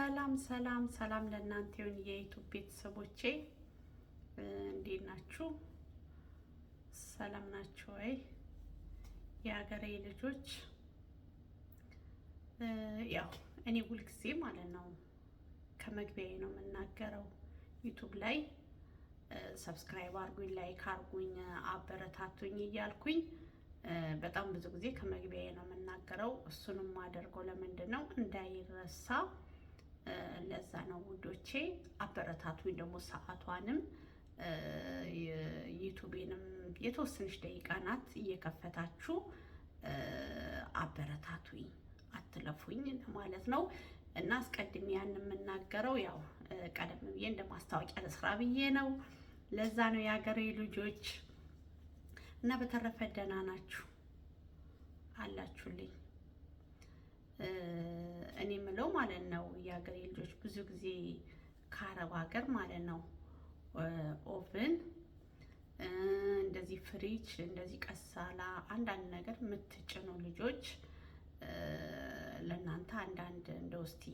ሰላም ሰላም ሰላም ለእናንተ ይሁን የዩቱብ ቤተሰቦቼ፣ እንዴት ናችሁ? ሰላም ናችሁ ወይ? የሀገሬ ልጆች፣ ያው እኔ ሁልጊዜ ማለት ነው ከመግቢያዬ ነው የምናገረው ዩቱብ ላይ ሰብስክራይብ አርጉኝ፣ ላይክ አርጉኝ፣ አበረታቱኝ እያልኩኝ በጣም ብዙ ጊዜ ከመግቢያዬ ነው የምናገረው። እሱንም አደርገው ለምንድን ነው እንዳይረሳ ለዛ ነው ውዶቼ አበረታቱኝ። ደግሞ ሰዓቷንም ዩቱቤንም የተወሰነች ደቂቃ ናት እየከፈታችሁ አበረታቱኝ፣ አትለፉኝ ማለት ነው። እና አስቀድሜ ያን የምናገረው ያው ቀደም ብዬ እንደ ማስታወቂያ ለስራ ብዬ ነው። ለዛ ነው የሀገሬ ልጆች እና በተረፈ ደህና ናችሁ አላችሁልኝ። እኔ ምለው ማለት ነው የሀገሬ ልጆች ብዙ ጊዜ ከአረብ ሀገር ማለት ነው ኦቭን እንደዚህ ፍሪጅ እንደዚህ ቀሳላ አንዳንድ ነገር የምትጭኑ ልጆች ለእናንተ አንዳንድ እንደ ውስቲ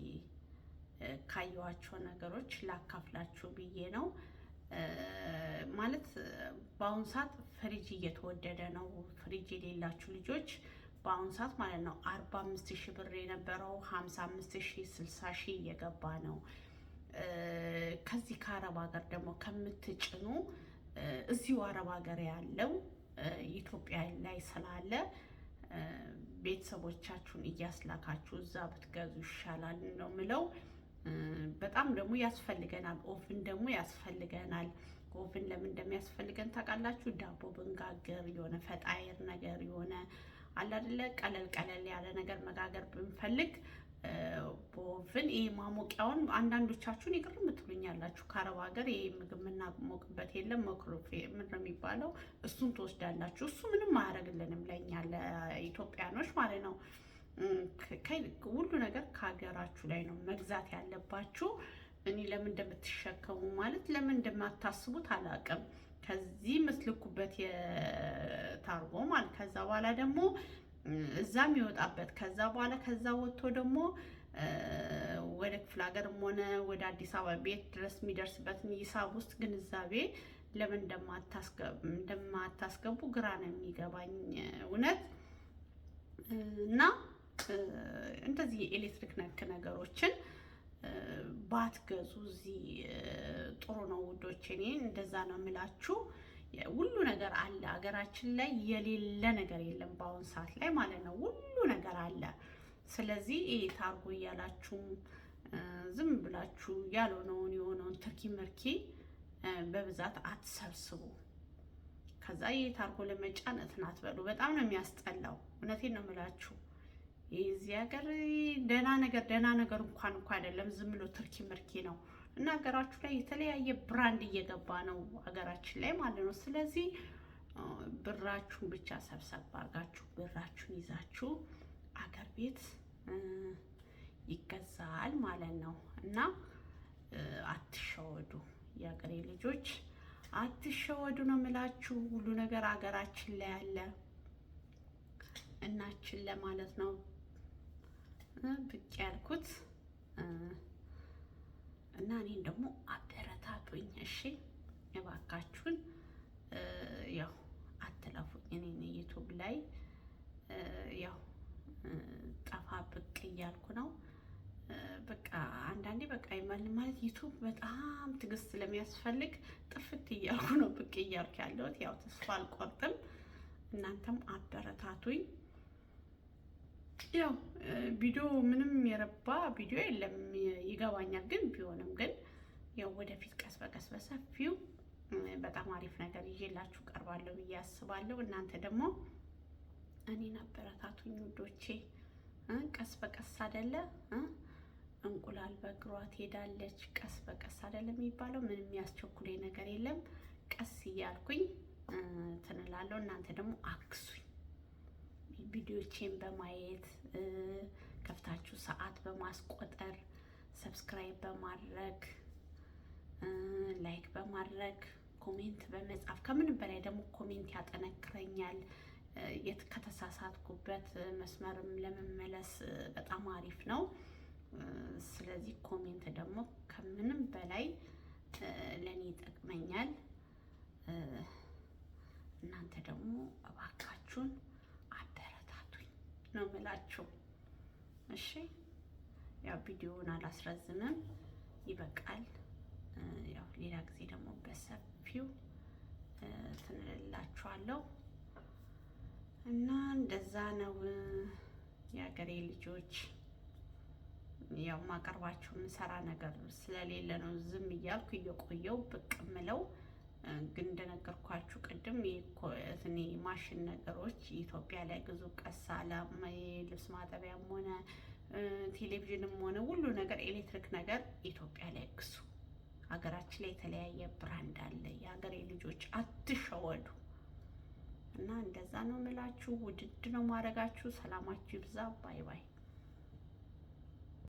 ካየኋቸው ነገሮች ላካፍላችሁ ብዬ ነው። ማለት በአሁኑ ሰዓት ፍሪጅ እየተወደደ ነው። ፍሪጅ የሌላችሁ ልጆች በአሁኑ ሰዓት ማለት ነው አርባ አምስት ሺህ ብር የነበረው ሀምሳ አምስት ሺህ ስልሳ ሺህ እየገባ ነው። ከዚህ ከአረብ ሀገር ደግሞ ከምትጭኑ እዚሁ አረብ ሀገር ያለው ኢትዮጵያ ላይ ስላለ ቤተሰቦቻችሁን እያስላካችሁ እዛ ብትገዙ ይሻላል ነው ምለው። በጣም ደግሞ ያስፈልገናል። ኦቭን ደግሞ ያስፈልገናል። ኦቭን ለምን እንደሚያስፈልገን ታውቃላችሁ? ዳቦ ብንጋገር የሆነ ፈጣይር ነገር የሆነ አለ አይደለ ቀለል ቀለል ያለ ነገር መጋገር ብንፈልግ በኦቭን ይሄ ማሞቂያውን አንዳንዶቻችሁን ይቅርም ምትሉኛላችሁ። ከአረብ ሀገር ይሄ ምግብ የምናሞቅበት የለም ምን ነው የሚባለው? እሱን ትወስዳላችሁ። እሱ ምንም አያደርግልንም ለእኛ ለኢትዮጵያኖች ማለት ነው። ሁሉ ነገር ከሀገራችሁ ላይ ነው መግዛት ያለባችሁ። እኔ ለምን እንደምትሸከሙ ማለት ለምን እንደማታስቡት አላውቅም። ከዚህ ምትልኩበት የታርጎ ማለት ከዛ በኋላ ደግሞ እዛ የሚወጣበት ከዛ በኋላ ከዛ ወጥቶ ደግሞ ወደ ክፍለ ሀገርም ሆነ ወደ አዲስ አበባ ቤት ድረስ የሚደርስበትን ሂሳብ ውስጥ ግንዛቤ ለምን እንደማታስገቡ ግራ ነው የሚገባኝ እውነት እና እንደዚህ የኤሌክትሪክ ነክ ነገሮችን ባትገዙ እዚህ ጥሩ ነው ውዶች። እኔ እንደዛ ነው የምላችሁ። ሁሉ ነገር አለ ሀገራችን ላይ የሌለ ነገር የለም፣ በአሁን ሰዓት ላይ ማለት ነው። ሁሉ ነገር አለ። ስለዚህ ይሄ ታርጎ እያላችሁ ዝም ብላችሁ ያልሆነውን የሆነውን ትርኪ ምርኪ በብዛት አትሰብስቡ። ከዛ ይሄ ታርጎ ለመጫን እትናት በሉ። በጣም ነው የሚያስጠላው። እውነቴን ነው የምላችሁ። የዚህ ሀገር ደህና ነገር ደህና ነገር እንኳን እንኳ አይደለም፣ ዝም ብሎ ትርኪ ምርኪ ነው እና ሀገራችሁ ላይ የተለያየ ብራንድ እየገባ ነው ሀገራችን ላይ ማለት ነው። ስለዚህ ብራችሁን ብቻ ሰብሰብ አድርጋችሁ ብራችሁን ይዛችሁ አገር ቤት ይገዛል ማለት ነው እና አትሸወዱ፣ የሀገሬ ልጆች አትሸወዱ ነው የምላችሁ። ሁሉ ነገር ሀገራችን ላይ አለ እናችን ለማለት ነው። ብቅ ያልኩት እና እኔን ደግሞ አበረታቱኝ። እሺ እባካችሁን፣ ያው አትለፉኝ። እኔን ዩቱብ ላይ ያው ጠፋ ብቅ እያልኩ ነው። በቃ አንዳንዴ በቃ ይመል ማለት ዩቱብ በጣም ትዕግስት ስለሚያስፈልግ ጥፍት እያልኩ ነው ብቅ እያልኩ ያለሁት። ያው ተስፋ አልቆርጥም። እናንተም አበረታቱኝ። ያው ቪዲዮ ምንም የረባ ቪዲዮ የለም ይገባኛል። ግን ቢሆንም ግን ያው ወደፊት ቀስ በቀስ በሰፊው በጣም አሪፍ ነገር ይዤላችሁ ቀርባለሁ ብዬ አስባለሁ። እናንተ ደግሞ እኔን አበረታቱኝ ውዶቼ። ቀስ በቀስ አደለ እንቁላል በእግሯ ትሄዳለች። ቀስ በቀስ አደለ የሚባለው ምንም ያስቸኩሌ ነገር የለም። ቀስ እያልኩኝ ትንላለሁ። እናንተ ደግሞ አግሱኝ ቪዲዮቼን በማየት ከፍታችሁ ሰዓት በማስቆጠር ሰብስክራይብ በማድረግ ላይክ በማድረግ ኮሜንት በመጻፍ ከምንም በላይ ደግሞ ኮሜንት ያጠነክረኛል። ከተሳሳትኩበት መስመርም ለመመለስ በጣም አሪፍ ነው። ስለዚህ ኮሜንት ደግሞ ከምንም በላይ ለእኔ ይጠቅመኛል። እናንተ ደግሞ እባካችሁን ነው የምላችሁ። እሺ ያው ቪዲዮውን አላስረዝምም፣ ይበቃል። ያው ሌላ ጊዜ ደግሞ በሰፊው ትንልላችኋለሁ እና እንደዛ ነው የሀገሬ ልጆች። ያው ማቀርባችሁ የምሰራ ነገር ስለሌለ ነው ዝም እያልኩ እየቆየው ብቅ ምለው ግን እንደነገርኳችሁ ቅድም የኮትኔ ማሽን ነገሮች ኢትዮጵያ ላይ ግዙ። ቀስ ልብስ ማጠቢያም ሆነ ቴሌቪዥንም ሆነ ሁሉ ነገር ኤሌክትሪክ ነገር ኢትዮጵያ ላይ ግዙ። ሀገራችን ላይ የተለያየ ብራንድ አለ። የሀገሬ ልጆች አትሸወዱ እና እንደዛ ነው ምላችሁ። ውድድ ነው ማድረጋችሁ። ሰላማችሁ ይብዛ። ባይ ባይ